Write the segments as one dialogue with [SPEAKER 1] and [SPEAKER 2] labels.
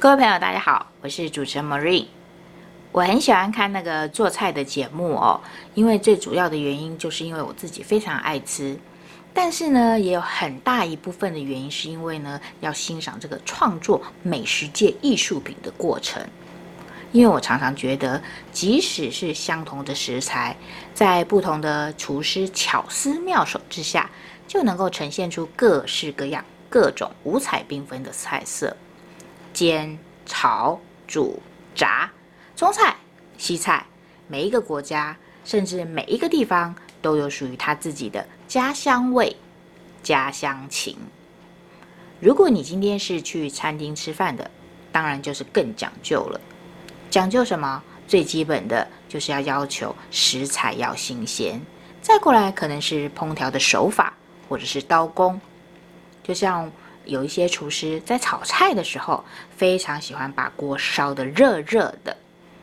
[SPEAKER 1] 各位朋友，大家好，我是主持人 Marine。我很喜歡看那個做菜的節目哦，因為最主要的原因就是因為我自己非常愛吃，但是呢，也有很大一部分的原因是因為呢，要欣賞這個創作美食界藝術品的過程。因為我常常覺得，即使是相同的食材，在不同的廚師巧思妙手之下，就能夠呈現出各式各樣、各種五彩繽紛的菜色。煎、炒、煮、炸，中菜、西菜，每一個國家，甚至每一個地方，都有屬於他自己的家鄉味、家鄉情。如果你今天是去餐廳吃飯的，當然就是更講究了。講究什麼？最基本的，就是要要求食材要新鮮，再過來可能是烹調的手法，或者是刀工，就像。有一些廚師在炒菜的時候，非常喜歡把鍋燒得熱熱的，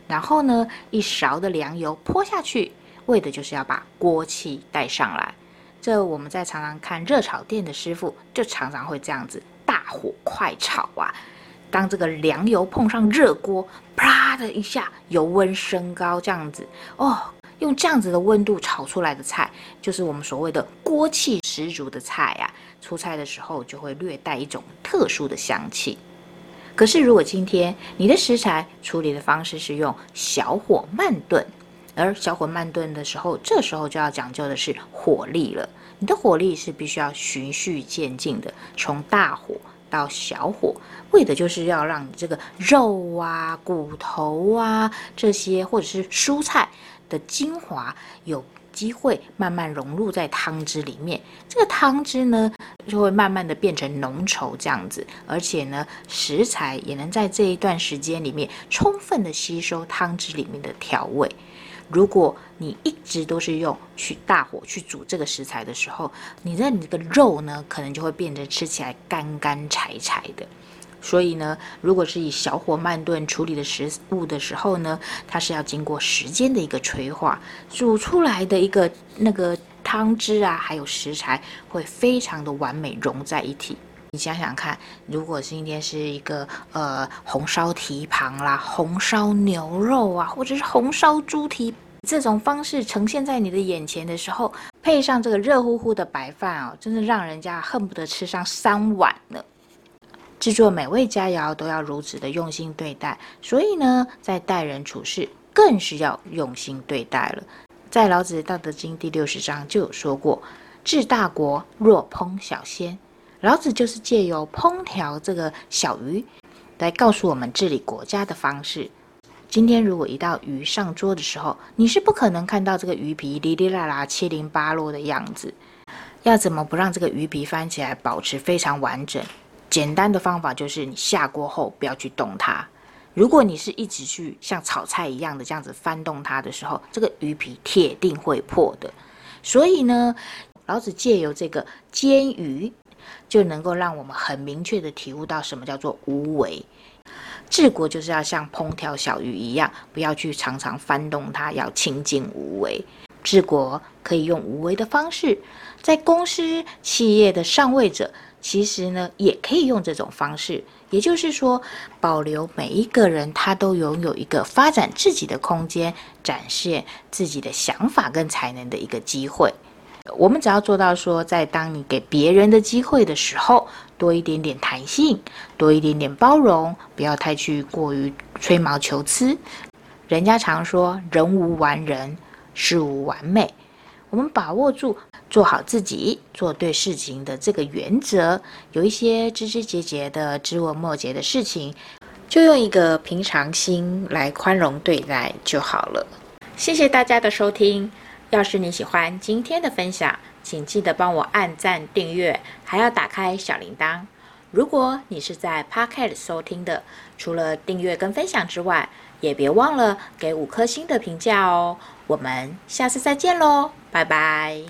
[SPEAKER 1] 然後呢，一勺的涼油潑下去，為的就是要把鍋氣帶上來。這我們在常常看熱炒店的師傅，就常常會這樣子，大火快炒啊。當這個涼油碰上熱鍋，啪的一下，油溫升高，這樣子哦，用這樣子的溫度炒出來的菜，就是我們所謂的鍋氣十足的菜呀、啊。出菜的時候就會略帶一種特殊的香氣。可是，如果今天你的食材處理的方式是用小火慢燉，而小火慢燉的時候，這時候就要講究的是火力了。你的火力是必須要循序漸進的，從大火到小火，為的就是要讓你這個肉啊、骨頭啊這些，或者是蔬菜的精華有機會慢慢融入在湯汁裡面。這個湯汁呢，就會慢慢的變成濃稠這樣子，而且呢，食材也能在這一段時間裡面充分的吸收湯汁裡面的調味。如果你一直都是用去大火去煮這個食材的時候，你的你這個肉呢，可能就會變得吃起來乾乾柴柴的。所以呢，如果是以小火慢燉處理的食物的時候呢，它是要經過時間的一個催化，煮出來的一個那個。湯汁啊，還有食材會非常的完美融在一起。你想想看，如果是今天是一個呃紅燒蹄膀啦、紅燒牛肉啊，或者是紅燒豬蹄這種方式呈現在你的眼前的時候，配上這個熱乎乎的白飯哦，真的讓人家恨不得吃上三碗呢。製作美味佳肴都要如此的用心對待，所以呢，在待人處事更是要用心對待了。在老子《道德經》第六十章就有說過：“治大國若烹小鮮。”老子就是借由烹調這個小魚來告訴我們治理國家的方式。今天如果一道魚上桌的時候，你是不可能看到這個魚皮哩哩啦啦、七零八落的樣子。要怎麼不讓這個魚皮翻起來保持非常完整？簡單的方法就是你下鍋後不要去動它。如果你是一直去像炒菜一樣的這樣子翻動它的時候，這個魚皮鐵定會破的。所以呢，老子借由這個煎魚，就能夠讓我們很明確的體悟到什麼叫做無為。治國就是要像烹調小魚一樣，不要去常常翻動它，要清靜無為。治國可以用無為的方式，在公司企業的上位者。其實呢，也可以用這種方式，也就是說，保留每一個人他都擁有一個發展自己的空間，展現自己的想法跟才能的一個機會。我們只要做到說，在當你給別人的機會的時候，多一點點彈性，多一點點包容，不要太去過於吹毛求疵。人家常說，人無完人，事無完美。我們把握住。做好自己，做對事情的這個原則，有一些枝枝節節的、枝微末節的事情，就用一個平常心來寬容對待就好了。謝謝大家的收聽。要是你喜歡今天的分享，請記得幫我按讚、訂閱，還要打開小鈴鐺。如果你是在 Podcast 收聽的，除了訂閱跟分享之外，也別忘了給五顆星的評價哦。我們下次再見嘍，拜拜。